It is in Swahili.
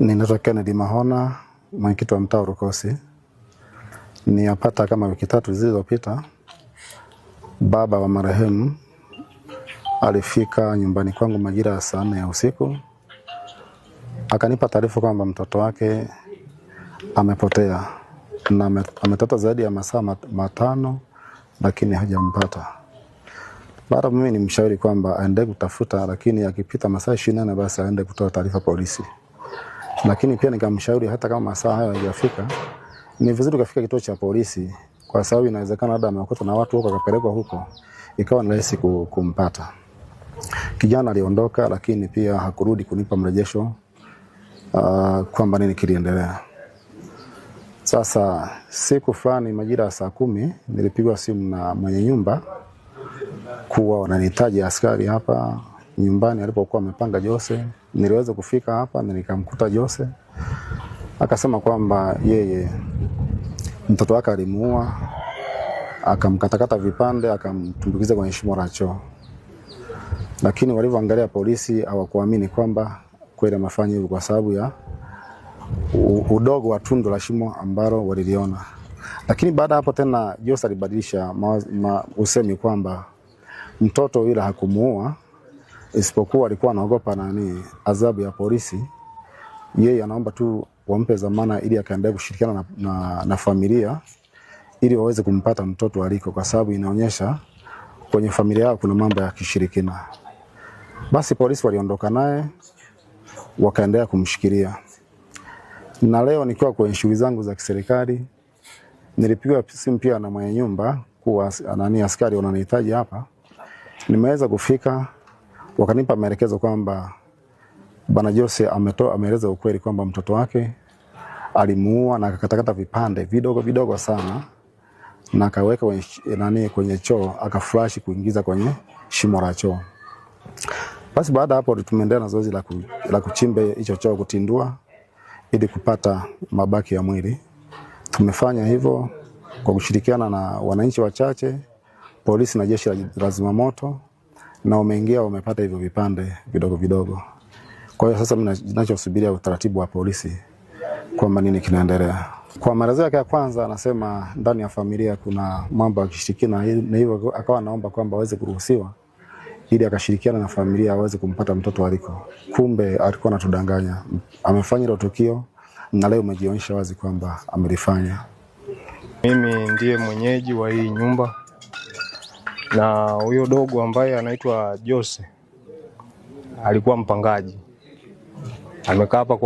Ninaitwa Kennedy Mahona, mwenyekiti wa mtaa ni Niyapata kama wiki tatu zilizopita, baba wa marehemu alifika nyumbani kwangu majira ya saa nne ya usiku, akanipa taarifa kwamba mtoto wake amepotea na ametata zaidi ya masaa matano, lakini hajampata. Baada mimi mshauri kwamba aende kutafuta, lakini akipita masaa ishirini na nne basi aende kutoa taarifa polisi lakini pia nikamshauri hata kama masaa hayo hayajafika, ni vizuri kafika kituo cha polisi, kwa sababu inawezekana labda amekuta na watu huko, akapelekwa huko, ikawa ni rahisi kumpata. Kijana aliondoka, lakini pia hakurudi kunipa mrejesho uh, kwamba nini kiliendelea. Sasa siku fulani majira ya saa kumi nilipigwa simu na mwenye nyumba kuwa wananihitaji askari hapa nyumbani alipokuwa amepanga Jose. Niliweza kufika hapa na nikamkuta Jose, akasema kwamba yeye mtoto wake alimuua, akamkatakata vipande, akamtumbukiza kwenye shimo la choo, lakini walivyoangalia polisi hawakuamini kwamba kweli amefanya hivyo kwa sababu ya udogo wa tundu la shimo ambalo waliliona. Lakini baada hapo tena Jose alibadilisha usemi kwamba mtoto yule hakumuua isipokuwa alikuwa anaogopa nani adhabu ya polisi. Yeye anaomba tu wampe zamana ili akaendelee kushirikiana na, na, na familia ili waweze kumpata mtoto aliko, kwa sababu inaonyesha kwenye familia yao kuna mambo ya kishirikina. Basi polisi waliondoka naye wakaendelea kumshikilia, na leo nikiwa kwenye shughuli zangu za kiserikali nilipigwa simu pia na mwenye nyumba kuwa nani askari wananihitaji hapa. Nimeweza kufika wakanipa maelekezo kwamba Bwana Jose ametoa ameeleza ukweli kwamba mtoto wake alimuua na akakatakata vipande vidogo vidogo sana na akaweka kwenye, eh, nani kwenye choo akaflash kuingiza kwenye shimo la choo. Basi baada hapo tumeendelea na zoezi la, ku, la kuchimba hicho choo kutindua ili kupata mabaki ya mwili. Tumefanya hivyo kwa kushirikiana na wananchi wachache, polisi na jeshi la zimamoto na umeingia umepata hivyo vipande vidogo vidogo. Kwa hiyo sasa ninachosubiria utaratibu wa polisi kwamba nini kinaendelea. Kwa maelezo yake ya kwanza, anasema ndani ya familia kuna mambo ya kishirikina, na hivyo akawa anaomba kwamba aweze kuruhusiwa ili akashirikiana na familia aweze kumpata mtoto aliko. Kumbe alikuwa anatudanganya, amefanya hilo tukio na leo umejionyesha wazi kwamba amelifanya. Mimi ndiye mwenyeji wa hii nyumba na huyo dogo ambaye anaitwa Jose alikuwa mpangaji, amekaa hapa.